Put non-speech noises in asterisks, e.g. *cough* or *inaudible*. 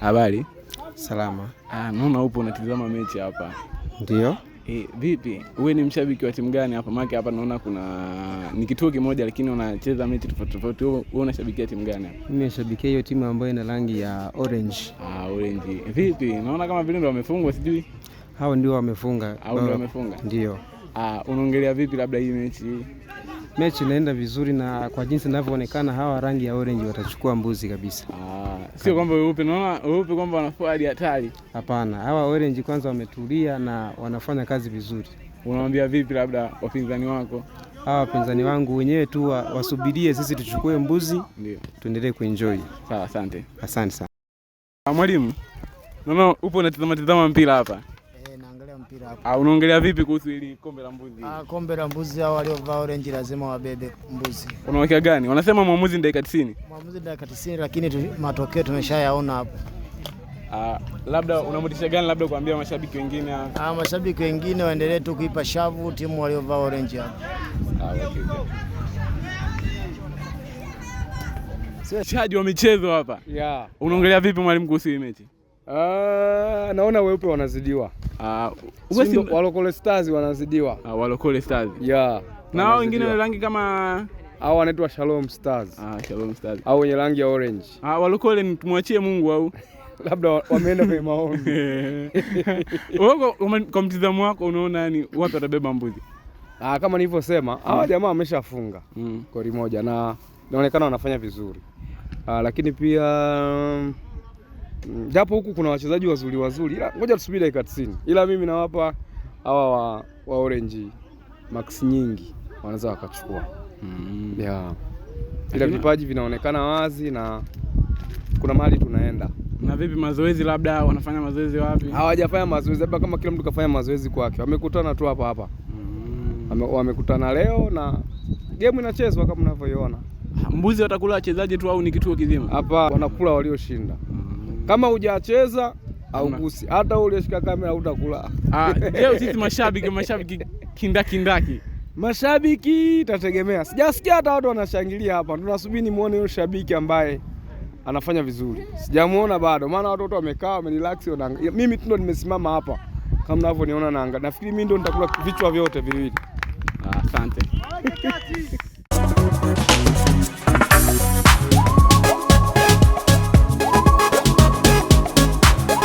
Habari? Salama. Ah, naona upo unatizama mechi hapa. Ndio. E, vipi? Wewe ni mshabiki wa timu gani hapa? Maana hapa naona kuna ni kituo kimoja lakini unacheza mechi tofauti tofauti. Wewe unashabikia timu gani hapa? Mimi nashabikia hiyo timu ambayo ina rangi ya orange. Ah, orange. Vipi? Naona kama vile ndio wamefungwa sijui. Hao ndio wamefunga. Hao ndio wamefunga. Ndio. Ah, unaongelea vipi labda hii mechi? mechi inaenda vizuri, na kwa jinsi inavyoonekana hawa rangi ya orange watachukua mbuzi kabisa. Ah, sio kwamba weupe, naona weupe kwamba wanafua hadi hatari. Hapana, hawa orange kwanza wametulia na wanafanya kazi vizuri. Unawambia vipi labda wapinzani wako? Hawa wapinzani wangu wenyewe tu wasubirie, sisi tuchukue mbuzi, ndio tuendelee kuenjoy. Sawa, asante. Asante sana ah, mwalimu. Naona upo unatazama tazama mpira hapa mpira hapo. Ah, unaongelea vipi kuhusu hili kombe la mbuzi? Ah, kombe la mbuzi hao waliovaa orange lazima wabebe mbuzi. Unaweka gani? Wanasema mwamuzi dakika 90. Mwamuzi dakika 90 lakini tu, matokeo tumeshayaona hapo. Ah, labda unamotisha gani labda kuambia mashabiki wengine? Ah, mashabiki wengine waendelee tu kuipa shavu timu waliovaa orange hapo. Ah, okay. Chaji wa michezo hapa. Yeah. Unaongelea vipi mwalimu kuhusu hii mechi? Ah, naona weupe wanazidiwa uh, Walokole Stars wanazidiwa uh, Walokole Stars yeah, na hao wengine wenye rangi kama au wanaitwa Shalom Stars ah, Shalom Stars au wenye rangi ya orange ah, Walokole tumwachie Mungu au *laughs* labda wameenda kwenye maombi. *laughs* Wewe kwa mtizamo wako unaona ni yaani wapi watabeba mbuzi? Ah, kama nilivyosema hawa hmm. jamaa wameshafunga mm. kori moja na inaonekana wanafanya vizuri. Ah, lakini pia Mm. japo huku kuna wachezaji wazuri wazuri, ila ngoja tusubiri dakika 90. Ila mimi nawapa hawa wa, wa Orange max nyingi wanaweza wakachukua mm. yeah. Ila vipaji vinaonekana wazi na kuna mahali tunaenda. Na vipi mazoezi, labda wanafanya mazoezi wapi? Hawajafanya mazoezi, labda kama kila mtu kafanya mazoezi kwake, wamekutana tu hapa hapa mm. wamekutana leo na gemu inachezwa kama mnavyoiona. Mbuzi watakula wachezaji tu au ni kituo kizima hapa? Wanakula walioshinda kama hujacheza gusi hata shika kamera utakula. Ah, je, sisi mashabiki *laughs* mashabiki kindakindaki mashabiki tategemea, sijasikia hata watu wanashangilia hapa. Tunasubiri muone yule shabiki ambaye anafanya vizuri, sijamuona bado, maana watu wote wamekaa wamerelax. Mimi tu ndo nimesimama hapa kama mnavyoniona, naanga nafikiri mimi ndo nitakula vichwa vyote viwili. Ah, asante